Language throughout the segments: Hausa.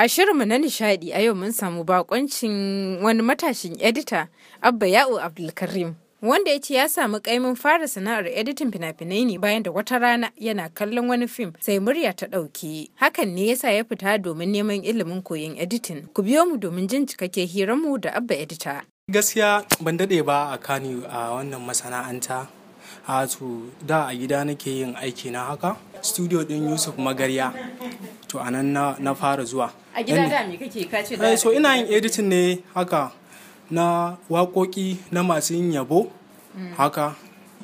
A shirinmu na nishadi a yau mun samu bakoncin wani matashin edita Abba Ya'u Abdulkarim. Wanda ya ce ya samu kaimin fara sana'ar editin fina-finai ne bayan da wata rana yana kallon wani fim sai murya ta ɗauke. Hakan ne yasa ya fita domin neman ilimin koyon editin. Ku biyo mu domin jin cikakke hiranmu da Abba Edita. Gaskiya ban daɗe ba a Kano a wannan masana'anta. Hatu da a gida nake yin aiki na haka. Studio ɗin Yusuf Magarya. to a nan na fara zuwa a gida da me kake ka da eh, so ina yin editin ne haka na waƙoƙi na masu yin yabo mm. haka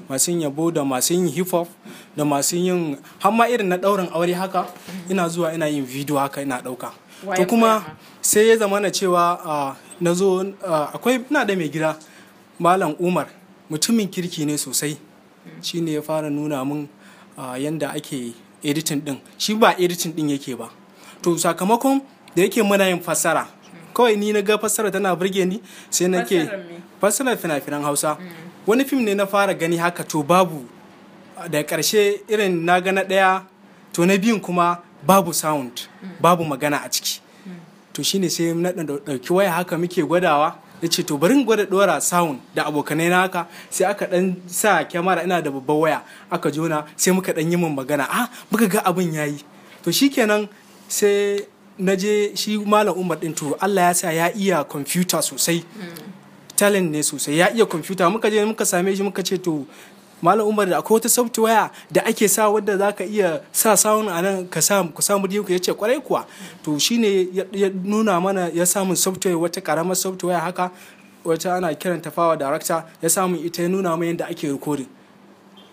masu yin yabo da masu yin hip hop da masu yin hamma irin na daurin aure haka mm. ina zuwa ina yin video haka ina dauka. to kuma sai ya zama na cewa na zo akwai na da mai gida malam umar mutumin kirki ne sosai mm. shine ya fara nuna min yanda ake editing din shi ba editing din yake ba to sakamakon da yake muna yin fasara kawai ni na ga fasara tana burge ni sai na ke fassarar fina-finan hausa mm. wani fim ne na fara gani haka to babu da karshe irin na gana daya to na biyun kuma babu sound mm. babu magana a ciki mm. to shine sai na ɗauki waya haka muke gwadawa ya ce to bari gwada dora sound da abokanai na haka sai aka dan sa kyamara ina da babban waya aka jona sai muka dan yi min magana ah muka ga abin yayi to shikenan sai na je shi malam umar din to Allah ya sa ya iya kwamfuta sosai mm. talent ne sosai ya iya kwamfuta muka je muka same shi muka ce to malam umar da akwai wata software da ake sa wadda za ka iya sa sound a nan ka sa ku samu ya ce kwarai kuwa to shine ya nuna mana ya samun software wata karamar software haka wata ana kiran tafawa director ya samu ita ya nuna mana yadda ake recording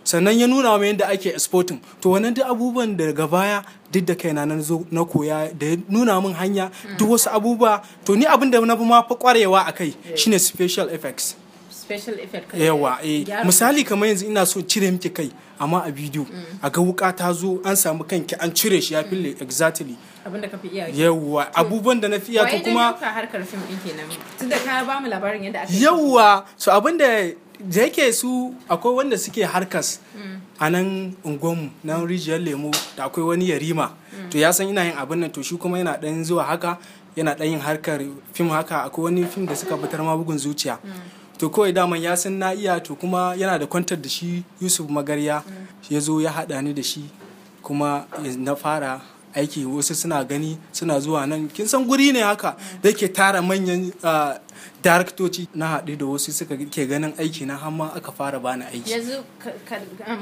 sannan ya nuna mana yadda ake exporting to wannan duk abubuwan daga baya duk da kai na nan zo na koya da ya nuna min hanya duk wasu abubuwa to ni abin da na fi ma kwarewa a shine special effects special effect yawa eh misali kamar yanzu ina so cire miki kai amma a bidiyo mm. a ga wuka ta zo an samu kanki an cire shi ya fille mm. exactly abinda ka fi iya yawa abubuwan da na fi iya to kuma harkar fim din kenan tunda ka ba mu labarin yadda aka yawa so abinda da yake su akwai wanda suke harkas mm. a nan unguwanmu na rijiyar lemo da akwai wani yarima to ya san ina yin abin nan to shi kuma yana dan zuwa haka yana dan yin harkar fim haka akwai wani fim da suka fitar ma bugun zuciya to kawai daman ya san na iya to kuma yana da kwantar da shi yusuf magarya ya zo ya haɗa ni da shi kuma na fara aiki wasu suna gani suna zuwa nan kin san guri ne haka da ke tara manyan daraktoci na haɗu da wasu suka ke ganin aiki na hamma aka fara bani aiki yanzu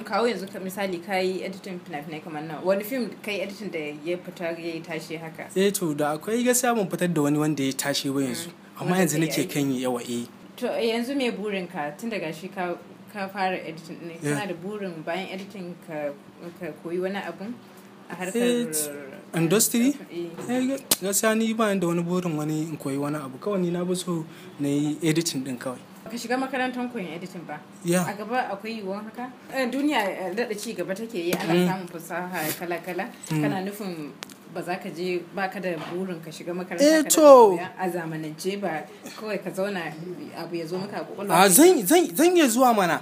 kawo yanzu ka misali ka yi editin fina kamar nan wani fim ka yi editin da ya fita ya yi tashi haka eh to da akwai gaskiya ban fitar da wani wanda ya tashe ba yanzu mm. amma yanzu nake kan yi yawa eh to yanzu me burin ka tun daga shi ka ka fara editing ne kana da burin bayan editing ka koyi wani abun a harkar eh, industry eh, eh. gaskiya ni ba da wani burin wani in koyi wani abu kawai ni na bi so na yi editing din kawai ka shiga makarantar koyon editing ba a gaba akwai yiwuwar haka duniya daɗa ci gaba take yi ana mm. samun fasaha kala-kala mm. kana nufin ba za ka je ba ka da burin ka shiga makaranta eh, ka to a zamanance ba kawai ka zauna abu ya zo maka a kwakwalwa zan zan iya zuwa mana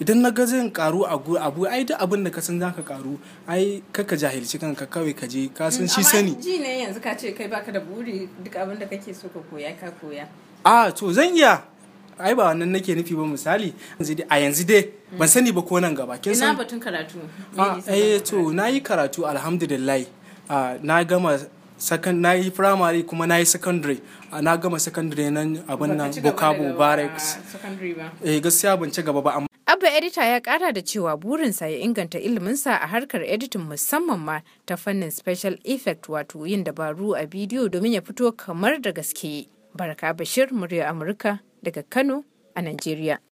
idan na ga zan karu a gu abu ai duk abin da ka san zaka karu ai kaka jahilci kanka kawai ka je ka san mm, shi sani ji ne yanzu ka ce kai baka da buri duk abin da kake so ka koya ka koya a to zan iya ai ba wannan nake nufi ba misali a yanzu dai ban sani ba ko nan gaba kin san ina batun karatu eh to nayi karatu alhamdulillah na gama second na yi primary kuma na yi secondary na gama secondary nan abin nan bukabo barracks eh gaskiya ban ci gaba ba amma abba edita ya kara da cewa burinsa ya inganta iliminsa a harkar editing musamman ma ta fannin special effect wato yin dabaru a bidiyo domin ya fito kamar da gaske baraka bashir murya amurka daga kano a nigeria